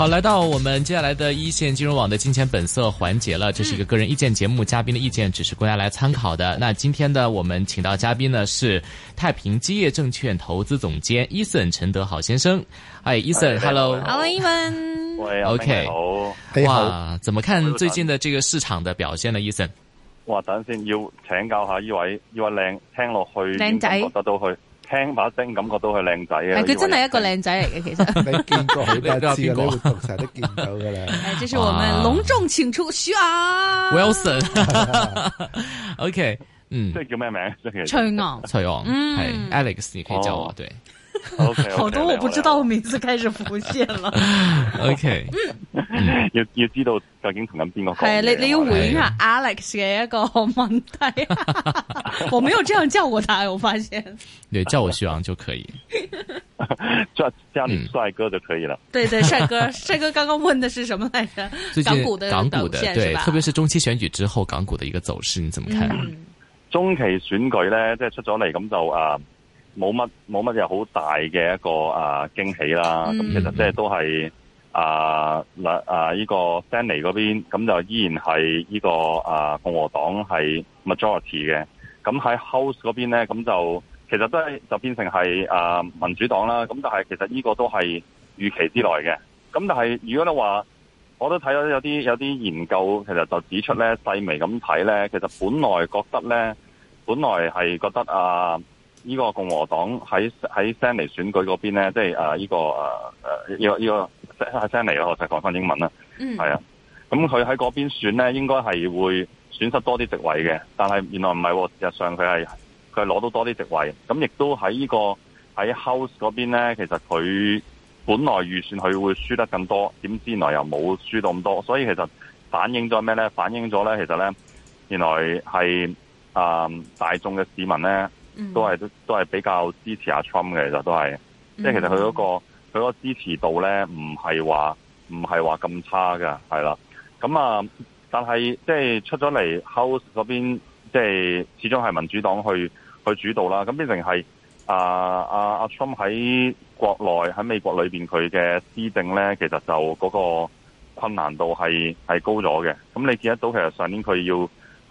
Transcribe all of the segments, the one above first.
好，來到我們接下來的一線金融網的金錢本色環節了。這是一個個人意見節目，嗯、嘉賓的意見只是供大家來參考的。那今天呢，我們請到嘉賓呢是太平基業證券投資總監 Eason 陳德豪先生。哎，Eason，Hello，Hello，Eason。喂。OK，好，hey。哇，怎麼看最近的這個市場的表現呢，Eason 哇，等先要請教一下一位，一位靚，聽落去，靚仔覺得去。聽把聲，感覺都係靚仔啊！佢、哎、真係一個靚仔嚟嘅，其實。 你見過好多次， 你都係見過，成日都見到嘅啦。係，這是我們隆重請出小阿 Wilson。 OK，嗯，即係叫咩名？徐昂，徐昂，係、嗯、 Alex，你可以叫我、哦、對。OK，, okay 好多我不知道名字開始浮現了。 OK， 嗯、 要要知道究竟同緊邊個講？係你你回應一下？Alex 嘅一個問題，我沒有這樣叫過他，我發現。 對，叫我徐昂就可以，叫叫你帥哥就可以了。 嗯、對對，帥哥，帥哥，剛剛問的是什麼來着？港股的最近港股的，對，對，特別是中期選舉之後港股的一個走勢，你怎麼看？嗯、中期選舉呢，即係出咗嚟咁就啊。呃冇乜冇乜嘢好大嘅一個啊驚喜啦，咁、mm -hmm. 其實即係都係啊嗱啊依個 Stanley 嗰邊，咁就依然係呢個啊共和黨係 majority 嘅，咁喺 House 嗰邊咧，咁就其實都係就變成係啊民主黨啦，咁但係其實呢個都係預期之內嘅，咁但係如果你話，我都睇到有啲有啲研究其實就指出咧細微咁睇咧，其實本來覺得咧，本來係覺得啊。呢、這個共和黨喺喺 s a n n y 選舉嗰邊咧，即係呢依個誒誒，依、啊這個依個 s a n n y 我就係講返英文啦，係、嗯、啊。咁佢喺嗰邊選咧，應該係會損失多啲席位嘅。但係原來唔係喎，事實上佢係佢係攞到多啲席位。咁亦都喺呢個喺 House 嗰邊咧，其實佢本來預算佢會輸得更多，點知原來又冇輸到咁多，所以其實反映咗咩咧？反映咗咧，其實咧原來係誒、呃、大眾嘅市民咧。嗯、都係都都係比較支持阿 Trump 嘅，其實都係，即、嗯、係其實佢嗰、嗰個佢個支持度咧，唔係話唔係話咁差嘅，係啦。咁啊，但係即係出咗嚟 House 嗰邊，即、就、係、是、始終係民主黨去去主導啦。咁變成係阿阿阿 Trump 喺國內喺美國裏邊佢嘅施政咧，其實就嗰個困難度係係高咗嘅。咁你見得到，其實上年佢要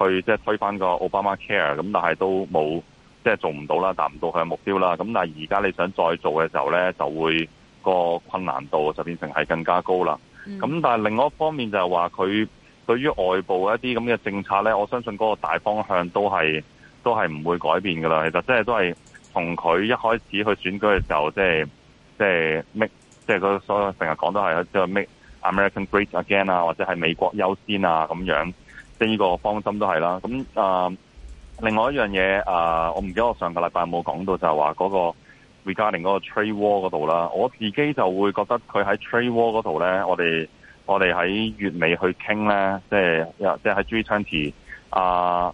去即係、就是、推翻個奧巴馬 Care 咁，但係都冇。即係做唔到啦，達唔到佢嘅目標啦。咁但係而家你想再做嘅時候咧，就會個困難度就變成係更加高啦。咁、嗯、但係另外一方面就係話佢對於外部一啲咁嘅政策咧，我相信嗰個大方向都係都係唔會改變噶啦。其實即係都係從佢一開始去選舉嘅時候，即係即係 make，即係佢所成日講都係即係 make American Great Again 啊，或者係美國優先啊咁樣，即係呢個方針都係啦。咁另外一樣嘢，啊，我唔記得我上個禮拜冇講到，就係話嗰個 regarding 嗰個 Trade War 嗰度啦。我自己就會覺得佢喺 Trade War 嗰度咧，我哋我哋喺月尾去傾咧，即係即係喺 G20，阿、啊、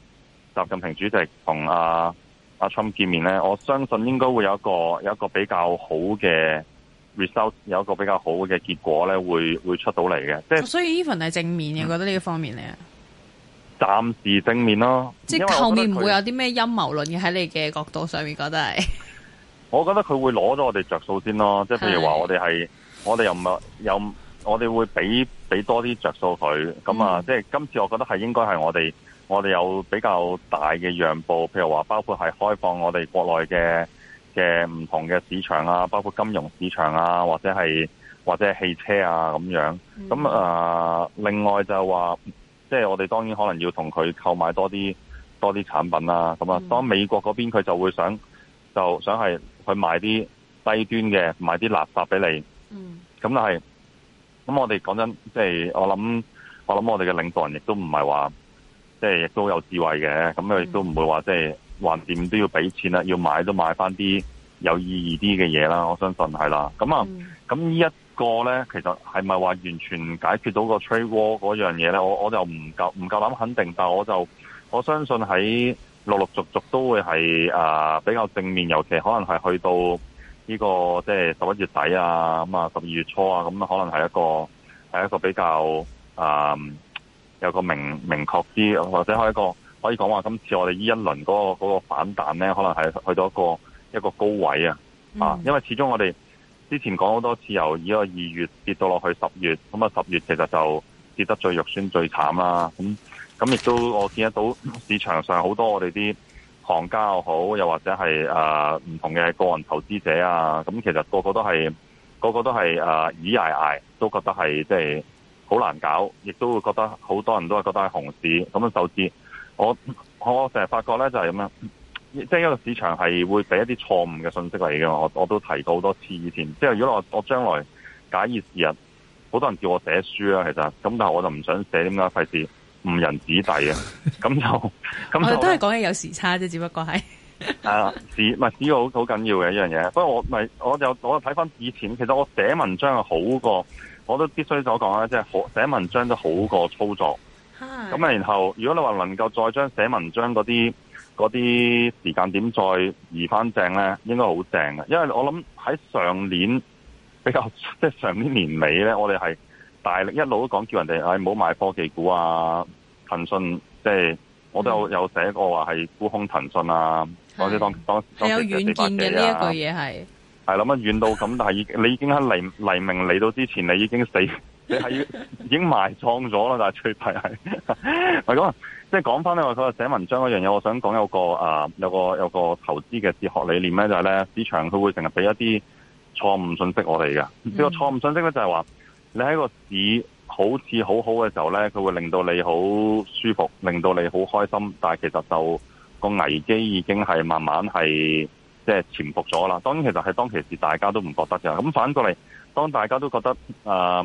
習近平主席同阿阿 Trump 見面咧，我相信應該會有一個有一個比較好嘅 result，有一個比較好嘅結果咧，會會出到嚟嘅。即、就、係、是、所以 even 係正面嘅，我覺得呢個方面嚟啊。嗯暫時正面咯，即係後面唔會有啲咩陰謀論嘅喺你嘅角度上面，覺得係。 我覺得佢會攞咗我哋着數先咯，即係譬如話我哋係，我哋又唔係有，我哋會俾俾多啲着數佢。咁啊，嗯、即係今次我覺得係應該係我哋，我哋有比較大嘅讓步，譬如話包括係開放我哋國內嘅嘅唔同嘅市場啊，包括金融市場啊，或者係或者係汽車啊咁樣。咁、嗯、啊，另外就話。即係我哋當然可能要同佢購買多啲多啲產品啦，嗯咁啊，當美國嗰邊佢就會想就想係去買啲低端嘅，買啲垃圾俾你，嗯咁但係咁我哋講真，即係我諗我諗我哋嘅領導人亦都唔係話即係亦都有智慧嘅，咁佢亦都唔會話即係橫掂都要俾錢啦，要買都買翻啲有意義啲嘅嘢啦，我相信係啦，嗯咁啊咁依一。個咧，其實係咪話完全解決到個 trade war 嗰樣嘢咧？我我就唔夠唔夠膽肯定，但係我就我相信喺陸陸續續都會係誒比較正面，尤其可能係去到呢、呢個即係十一月底啊，咁啊十二月初啊，咁可能係一個係一個比較誒、嗯、有個明明確啲，或者可一個可以講話今次我哋呢一輪嗰、嗰個嗰個反彈咧，可能係去到一個一個高位啊啊、嗯，因為始終我哋。之前講好多次，由依個二月跌到落去十月，咁啊十月其實就跌得最肉酸、最慘啦。咁咁亦都我見得到市場上好多我哋啲行家又好，又或者係誒唔同嘅個人投資者啊。咁其實個個都係，個個都係誒倚挨，崖、呃，都覺得係即係好難搞，亦都會覺得好多人都係覺得係熊市。咁樣，就之我我成日發覺呢就係咁樣。即係一個市場係會俾一啲錯誤嘅信息嚟嘅，我我都提過好多次以前。即係如果我我將來假以時日，好多人叫我寫書呀、啊。其實咁但係我就唔想寫，點解費事誤人子弟啊。咁 就咁就都係講嘢有時差啫，只不過係係啦，只唔要好好緊要嘅一樣嘢。不過我咪我又我睇翻以前，其實我寫文章係好過，我都必須所講啦，即係好寫文章都好過操作。咁啊，然後如果你話能夠再將寫文章嗰啲。嗰啲時間點再移翻正咧，應該好正嘅，因為我諗喺上年比較，即係上年年尾咧，我哋係大力一路都講叫人哋，唉唔好買科技股啊，騰訊，即係我都有有寫過話係沽空騰訊啊，或者當時當時啊有遠見嘅呢一句嘢係，係諗乜遠到咁，但係已你已經喺黎黎明嚟到之前，你已經死。 你係要已經埋藏咗啦，但係最弊係，即係講翻咧，佢話寫文章嗰樣嘢，我想講有個啊、呃，有個有個投資嘅哲學理念咧，就係、是、咧，市場佢會成日俾一啲錯誤信息我哋嘅。呢個錯誤信息咧，就係話你喺個市好似好好嘅時候咧，佢會令到你好舒服，令到你好開心，但係其實就個危機已經係慢慢係即係潛伏咗啦。當然其實係當其時大家都唔覺得嘅。咁反過嚟，當大家都覺得、呃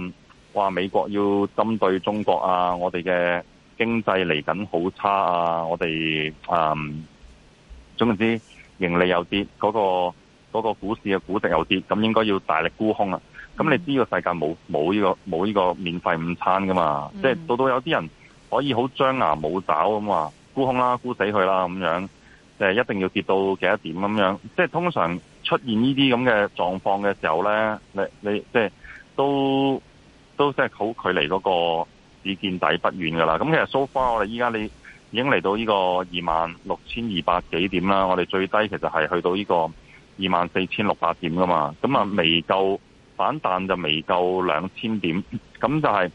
話美國要針對中國啊，我哋嘅經濟嚟緊好差啊，我哋嗯，總之盈利有啲，嗰、那個嗰、那個股市嘅估值有啲，咁應該要大力沽空啊。咁你呢個世界冇冇呢個冇呢個免費午餐噶嘛？即、嗯、係、就是、到到有啲人可以好張牙舞爪咁話沽空啦，沽死佢啦咁樣，即、就是、一定要跌到幾多點咁樣。即、就、係、是、通常出現呢啲咁嘅狀況嘅時候咧，你你即係、就是、都。都真係好距離嗰個市見底不遠噶啦。咁其實，so far，我哋依家你已經嚟到呢個二萬六千二百幾點啦。我哋最低其實係去到呢個二萬四千六百點噶嘛。咁啊，未夠反彈就未夠兩千點。咁就係，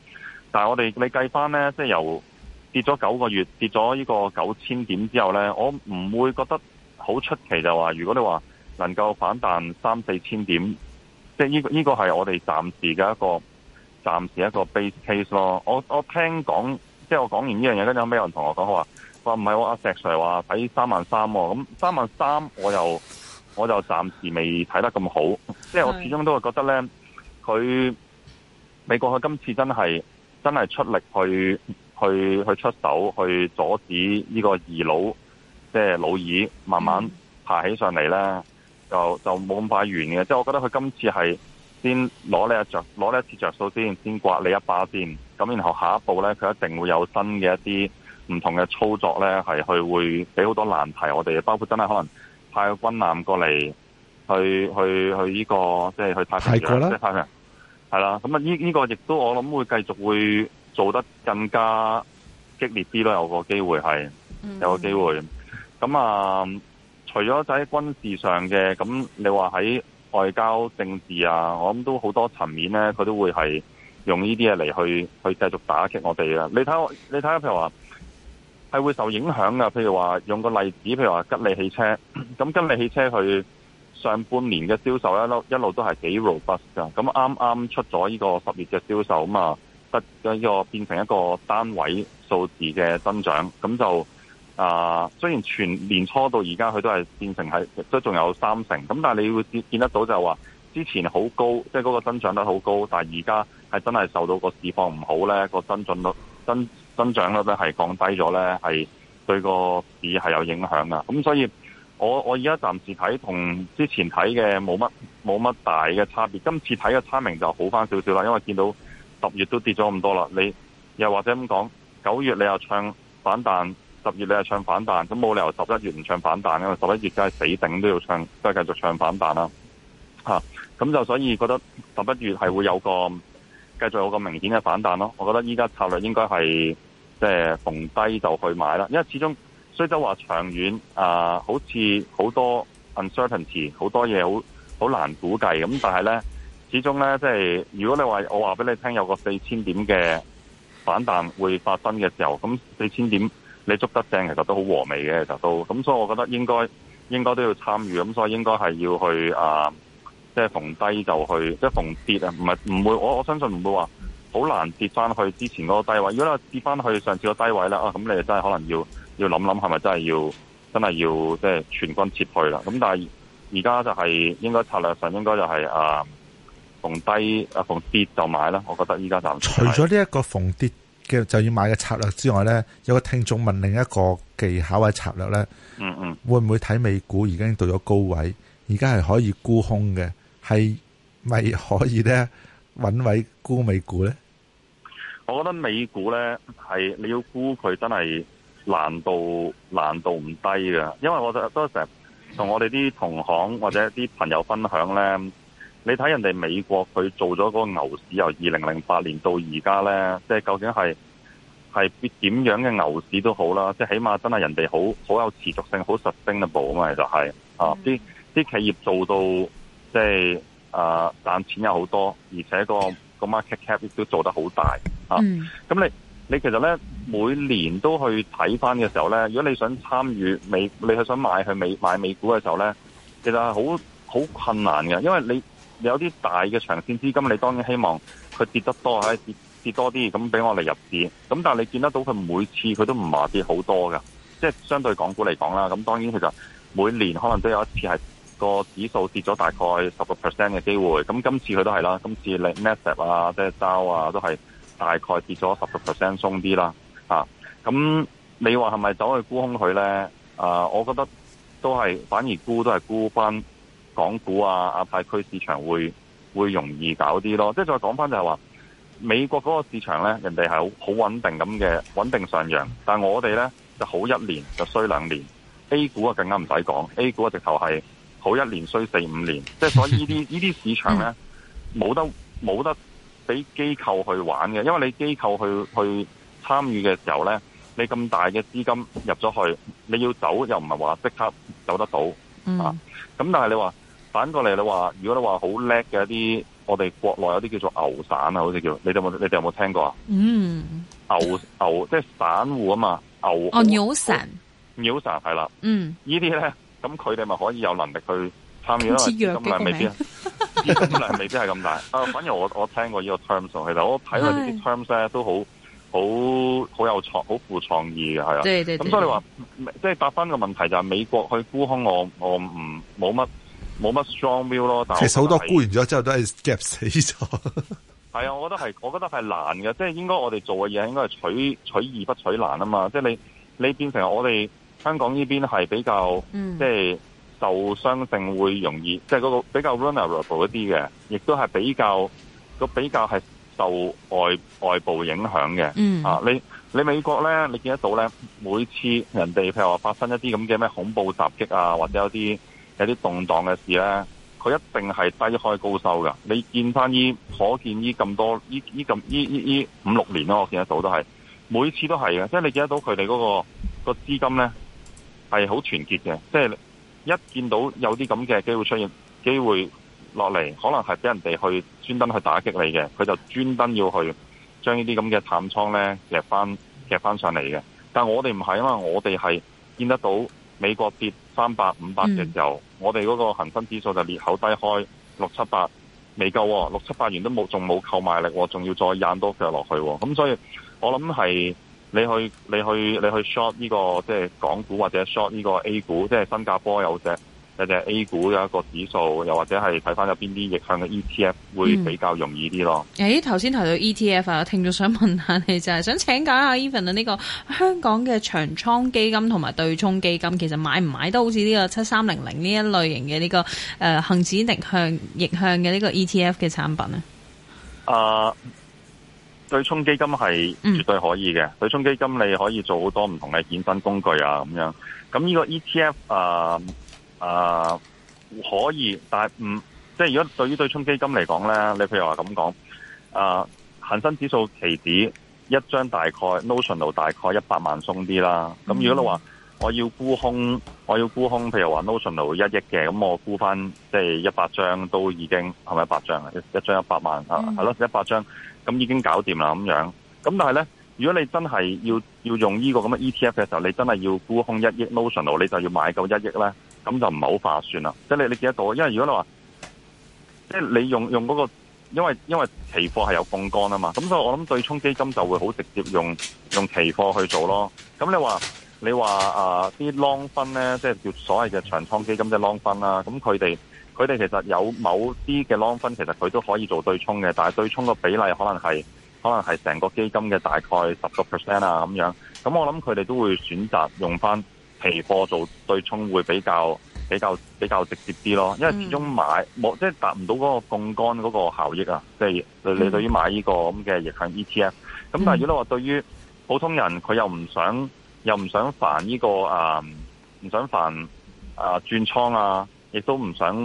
但係我哋你計翻呢，即係由跌咗九個月，跌咗呢個九千點之後呢，我唔會覺得好出奇就話，如果你話能夠反彈三四千點，即係呢個呢個係我哋暫時嘅一個。暫時一個 base case 咯，我，我我聽講，即係我講完呢樣嘢，跟住後尾有人同我講話，話唔係我阿石 Sir 話睇三萬三喎，咁三萬三我又我就暫時未睇得咁好，是即係我始終都係覺得咧，佢美國佢今次真係真係出力去去去出手去阻止呢個二佬，即係老二慢慢爬起上嚟咧，就就冇咁快完嘅，即係我覺得佢今次係。先攞呢一着，攞呢一次着數先，先刮你一把先。咁然後下一步咧，佢一定會有新嘅一啲唔同嘅操作咧，係去會俾好多難題我哋。包括真係可能派個軍艦過嚟，去去去、這、呢個即係去太平洋，即係太平洋係啦。咁啊，呢呢個亦都我諗會繼續會做得更加激烈啲咯。有個機會係，有個機會。咁、嗯、啊，除咗就喺軍事上嘅，咁你話喺？外交政治啊，我諗都好多層面咧，佢都會係用呢啲嘢嚟去去繼續打擊我哋啊。你睇我，你睇下譬如話，係會受影響嘅，譬如話，用個例子，譬如話吉利汽車，咁吉利汽車佢上半年嘅銷售一路一路都係幾 robust 㗎，咁啱啱出咗呢個十月嘅銷售啊嘛，得咗呢個變成一個單位數字嘅增長，咁就。啊、uh，雖然全年初到而家佢都係變成係都仲有三成咁，但係你會見見得到就話之前好高，即係嗰個增長率好高，但係而家係真係受到個市況唔好咧，個增，增，增長率增增長率咧係降低咗咧，係對個市係有影響噶。咁所以我我而家暫時睇同之前睇嘅冇乜冇乜大嘅差別，今次睇嘅差明就好翻少少啦，因為見到十月都跌咗咁多啦，你又或者咁講九月你又唱反彈。十月你係唱反彈咁冇理由十一月唔唱反彈。因為十一月真係死頂都要唱，都係繼續唱反彈啦。吓，咁就所以覺得十一月係會有個繼續有個明顯嘅反彈咯。我覺得依家策略應該係即係逢低就去買啦，因為始終雖則話長遠啊，好似好多 uncertainty 好多嘢好好難估計咁，但係咧始終咧即係如果你話我話俾你聽有個四千點嘅反彈會發生嘅時候，咁四千點。你捉得正其，其實都好和味嘅，其實都咁，所以我覺得應該應該都要參與，咁所以應該係要去啊，即係逢低就去，即係逢跌啊，唔係唔會，我我相信唔會話好難跌翻去之前嗰個低位。如果你跌翻去上次個低位咧啊，咁你真係可能要要諗諗係咪真係要真係要即係全軍撤退啦。咁但係而家就係應該策略上應該就係啊逢低啊逢跌就買啦。我覺得依家就。除咗呢一個逢跌。就要買嘅策略之外呢，有個聽眾問另一個技巧或策略呢，嗯嗯，會唔會睇美股已經到咗高位？而家係可以沽空嘅，係咪可以呢穩位沽美股呢？我覺得美股呢，係你要沽佢真係難度難度唔低嘅，因為我哋都成日同我哋啲同行或者啲朋友分享呢。你睇人哋美國佢做咗個牛市，由二零零八年到而家咧，即係究竟係係點樣嘅牛市都好啦，即係起碼真係人哋好好有持續性、好實升嘅步啊嘛，其實係啊，係啊，啲啲企業做到即係啊賺錢又好多，而且個個 market cap 亦都做得好大，嗯，啊。咁你你其實咧每年都去睇翻嘅時候咧，如果你想參與美，你去想買去美買美股嘅時候咧，其實係好好困難嘅，因為你有啲大嘅長線資金，你當然希望佢跌得多啊，跌跌多啲，咁俾我嚟入市。咁但係你見得到佢每次佢都唔話跌好多㗎，即係相對港股嚟講啦。咁當然其實每年可能都有一次係個指數跌咗大概十個 percent 嘅機會。咁今次佢都係啦，今次嚟 m a c e 啊，即係周啊，都係大概跌咗十個 percent，鬆啲啦。嚇、啊，咁你話係咪走去沽空佢咧？啊，我覺得都係，反而沽都係沽返。港股啊，亞太區市場會會容易搞啲咯。即係再講翻，就係話美國嗰個市場咧，人哋係好好穩定咁嘅，穩定上揚。但係我哋咧就好一年就衰兩年，A 股啊更加唔使講，A 股直頭係好一年衰四五年。即係所以呢啲呢啲市場咧，冇得冇得俾機構去玩嘅，因為你機構去去參與嘅時候咧，你咁大嘅資金入咗去，你要走又唔係話即刻走得到、嗯、啊。咁但係你話。反過嚟你話，如果你話好叻嘅一啲，我哋國內有啲叫做牛散啊，好似叫你哋有冇你哋有冇聽過啊？嗯，牛牛即係散戶啊嘛，牛哦，牛散，牛散係啦。嗯，呢啲咧，咁佢哋咪可以有能力去參與啊？咁啊，未必啊，資金量未必係咁 大。啊，反而我我聽過呢個 terms 其實我睇佢呢啲 terms 咧都好好好有創好富創意嘅係啊。對咁所以你話，即係答翻個問題就係、是、美國去沽空，我我唔冇乜。冇乜 strong view 咯，但其實好多沽完咗之後都係夾死咗。係 啊，我覺得係，我覺得係難嘅，即係應該我哋做嘅嘢應該係取取易不取難啊嘛。即係你你變成我哋香港呢邊係比較，即係受傷性會容易，即係嗰個比較 vulnerable 一啲嘅，亦都係比較個比較係受外外部影響嘅、嗯。啊，你你美國咧，你見得到咧，每次人哋譬如話發生一啲咁嘅咩恐怖襲擊啊，或者有啲。有啲動蕩嘅事咧，佢一定係低開高收噶。你見翻依，可見依咁多依依咁依依依五六年咯，我見得到都係，每次都係嘅。即係你見得到佢哋嗰個、嗰個資金咧，係好團結嘅。即係一見到有啲咁嘅機會出現，機會落嚟，可能係俾人哋去專登去打擊你嘅，佢就專登要去將呢啲咁嘅淡倉咧，夾翻夾翻上嚟嘅。但係我哋唔係，因為我哋係見得到美國跌，三百五百隻就、嗯、我哋嗰個恆生指數就裂口低開六七百，未夠喎、哦，六七百元都冇，仲冇購買力喎、哦，仲要再掙多隻落去喎、哦，咁所以我諗係你去你去你去 short 呢個即係港股或者 short 呢個 A 股，即係新加坡有隻。有隻 A 股有一個指數，又或者係睇翻有邊啲逆向嘅 ETF 會比較容易啲咯。誒、嗯，頭、欸、先提到 ETF 啊，我聽眾想問下你，就係、是、想請教一下 Even 啊，呢、這個香港嘅長倉基金同埋對沖基金，其實買唔買都好似呢個七三零零呢一類型嘅呢、這個誒、呃、恆指逆向逆向嘅呢個 ETF 嘅產品啊？啊、呃，對沖基金係絕對可以嘅、嗯。對沖基金你可以做好多唔同嘅衍生工具啊，咁樣。咁呢個 ETF 啊、呃、～誒、啊，可以，但係唔、嗯、即係如果對於對沖基金嚟講呢，你譬如話咁講誒，恒、啊、生指數期指一張大概 notional 大概100萬一百萬鬆啲啦。咁、嗯、如果你話我要沽空，我要沽空，譬如話 notional 一億嘅，咁我沽翻即係一百張都已經係咪一百張啊？一一張一百萬啊，係、嗯、咯，一百張咁已經搞掂啦。咁樣咁，那但係呢，如果你真係要要用呢個咁嘅 ETF 嘅時候，你真係要沽空一億 notional，你就要買夠一億呢咁就唔係好化算啦，即係你你記得到，因為如果你話即係你用用嗰個，因為因為期貨係有槓桿啊嘛，咁所以我諗對沖基金就會好直接用用期貨去做咯。咁你話你話啊啲 long 分咧，即係叫所謂嘅長倉基金即係 long 分啦，咁佢哋佢哋其實有某啲嘅 long 分，其實佢都可以做對沖嘅，但係對沖個比例可能係可能係成個基金嘅大概十個 percent 啊咁樣。咁我諗佢哋都會選擇用翻。期貨做對沖會比較比較比較直接啲咯，因為始終買冇、嗯、即係達唔到嗰個槓桿嗰個效益啊。即、就、係、係、你對於買呢個咁嘅逆向 ETF，咁、嗯、但係如果你話對於普通人，佢又唔想又唔想煩呢、呢個啊唔想煩啊轉倉啊，亦都唔想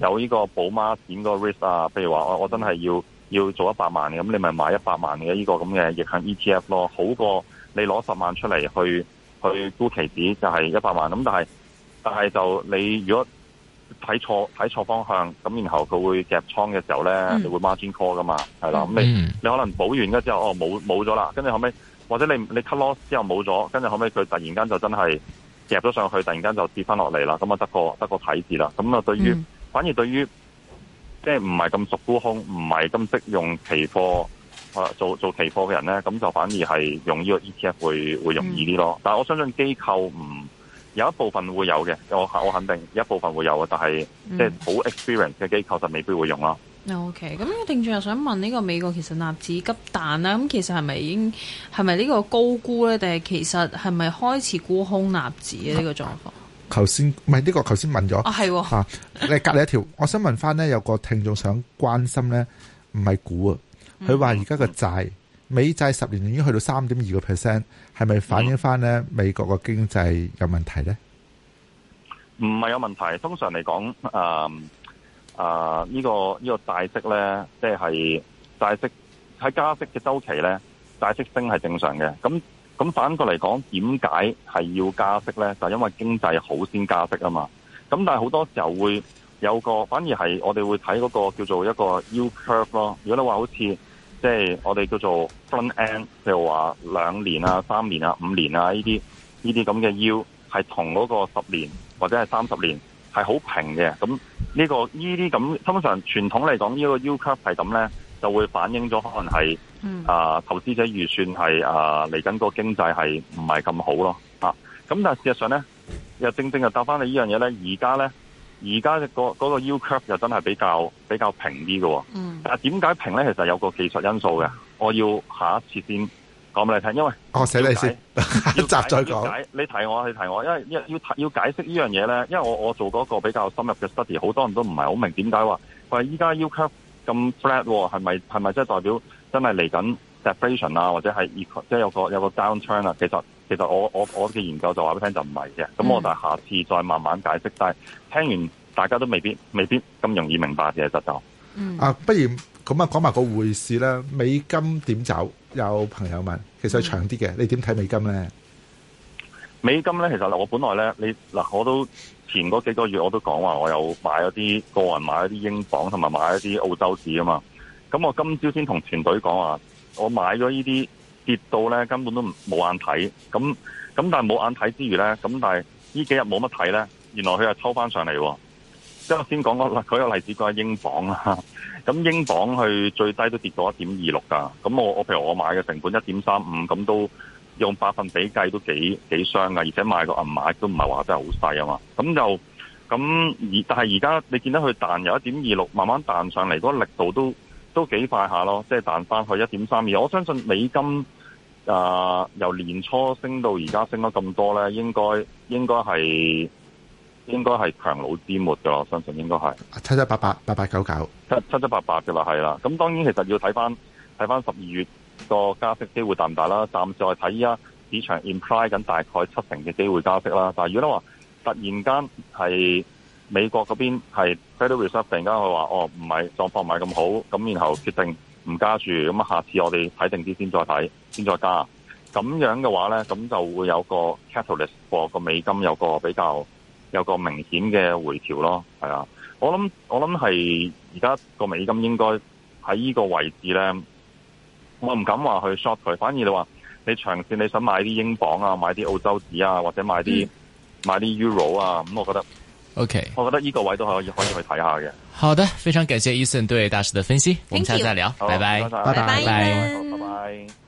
有呢個補孖展個 risk 啊。譬如話我我真係要要做一百萬嘅，咁你咪買一百萬嘅呢個咁嘅逆向 ETF 咯，好過你攞十萬出嚟去。去沽期指就係一百萬咁，但係但係就你如果睇錯睇錯方向咁，然後佢會夾倉嘅時候咧，就、嗯、會孖轉 call 噶嘛，係啦，咁你你可能補完嘅之後哦冇冇咗啦，跟住後尾，或者你你 cut loss 之後冇咗，跟住後尾，佢突然間就真係夾咗上去，突然間就跌翻落嚟啦，咁啊得個得個睇字啦，咁啊對於、嗯、反而對於即係唔係咁熟沽空，唔係咁識用期貨做做期貨嘅人咧，咁就反而係用呢個 ETF 會會容易啲咯。但係我相信機構唔有一部分會有嘅，我我肯定有一部分會有啊。但係即係好 experience 嘅機構就未必會用咯。OK，咁聽眾又想問呢個美國其實納指急彈啦，咁其實係咪已經係咪呢個高估咧？定係其實係咪開始沽空納指嘅呢個狀況？頭先唔係呢個頭先問咗啊，係吓、啊哦啊，你隔籬一條， 我想問翻咧，有個聽眾想關心咧，唔係估啊。佢話而家個債美債十年已經去到三點二個 percent，係咪反映翻咧美國個經濟有問題咧？唔係有問題，通常嚟講，誒、啊、誒、啊這個這個、呢個呢個債息咧，即係債息喺加息嘅周期咧，債息升係正常嘅。咁咁反過嚟講，點解係要加息咧？就係、因為經濟好先加息啊嘛。咁但係好多時候會有個，反而係我哋會睇嗰個叫做一個 U curve 咯。如果你話好似，即、就、係、是、我哋叫做 front end，譬如話兩年啊、三年啊、五年啊呢啲呢啲咁嘅 U，係同嗰個十年或者係三十年係好平嘅。咁呢、這個呢啲咁通常傳統嚟講呢個 U curve 係咁咧，就會反映咗可能係、嗯、啊投資者預算係啊嚟緊個經濟係唔係咁好咯。咁、啊、但係事實上咧，又正正又答翻你呢樣嘢咧，而家咧。而家嗰個 U curve 又真係比較比較平啲嘅、嗯，但係點解平咧？其實有個技術因素嘅。我要下一次先講俾你聽，因為我死你先一集再解，解。你提我你提我，因為要要解，要解釋呢樣嘢咧，因為我我做嗰個比較深入嘅 study，好多人都唔係好明點解話話依家 U curve 咁 flat 喎，係咪係咪即係代表真係嚟緊 deflation 啊，或者係即係有個有個 down trend 啊？其實。其實我我我嘅研究就話俾你聽，就唔係嘅，咁我就下次再慢慢解釋、嗯。但係聽完大家都未必未必咁容易明白嘅，其實就啊，不如咁啊講埋個匯市啦。美金點走？有朋友問，其實係長啲嘅、嗯，你點睇美金咧？美金咧，其實嗱，我本來咧，你嗱，我都前嗰幾個月我都講話，我有買一啲個人買一啲英鎊，同埋買一啲澳洲紙啊嘛。咁我今朝先同團隊講話，我買咗呢啲。跌到咧根本都冇眼睇，咁咁但係冇眼睇之餘咧，咁但係呢幾日冇乜睇咧，原來佢又抽翻上嚟。即係先講個舉個例子，講下英鎊啦。咁英鎊佢最低都跌到一點二六㗎。咁我我譬如我買嘅成本一點三五，咁都用百分比計都幾幾傷㗎。而且買個銀碼都唔係話真係好細啊嘛。咁就咁而但係而家你見到佢彈由一點二六，慢慢彈上嚟，嗰力度都都幾快下咯。即係彈翻去一點三二。我相信美金。啊、呃！由年初升到而家升咗咁多呢，應該應該係應該係強弩之末㗎喇。相信應該係七七八八八八九九七七七八八嘅啦，係啦。咁當然其實要睇返睇翻十二月個加息機會大唔大啦。暫時我睇依家市場 imply 緊大概七成嘅機會加息啦。但如果話突然間係美國嗰邊係 Federal Reserve 突然間佢話哦，唔係狀況唔係咁好，咁然後決定。唔加住，咁啊，下次我哋睇定啲先再睇，先再加。咁樣嘅話呢，咁就會有個 catalyst，或個美金有個比較，有個明顯嘅回調咯。係啊，我諗我諗係而家個美金應該喺呢個位置呢，我唔敢話去 short 佢，反而你話你長線你想買啲英鎊啊，買啲澳洲紙啊，或者買啲買啲 Euro 啊，咁我覺得。O.K.，我覺得呢個位都可以可以去睇下嘅。好的，非常感謝 Eason 對大市嘅分析，我們下次再聊，拜拜，拜拜，拜拜。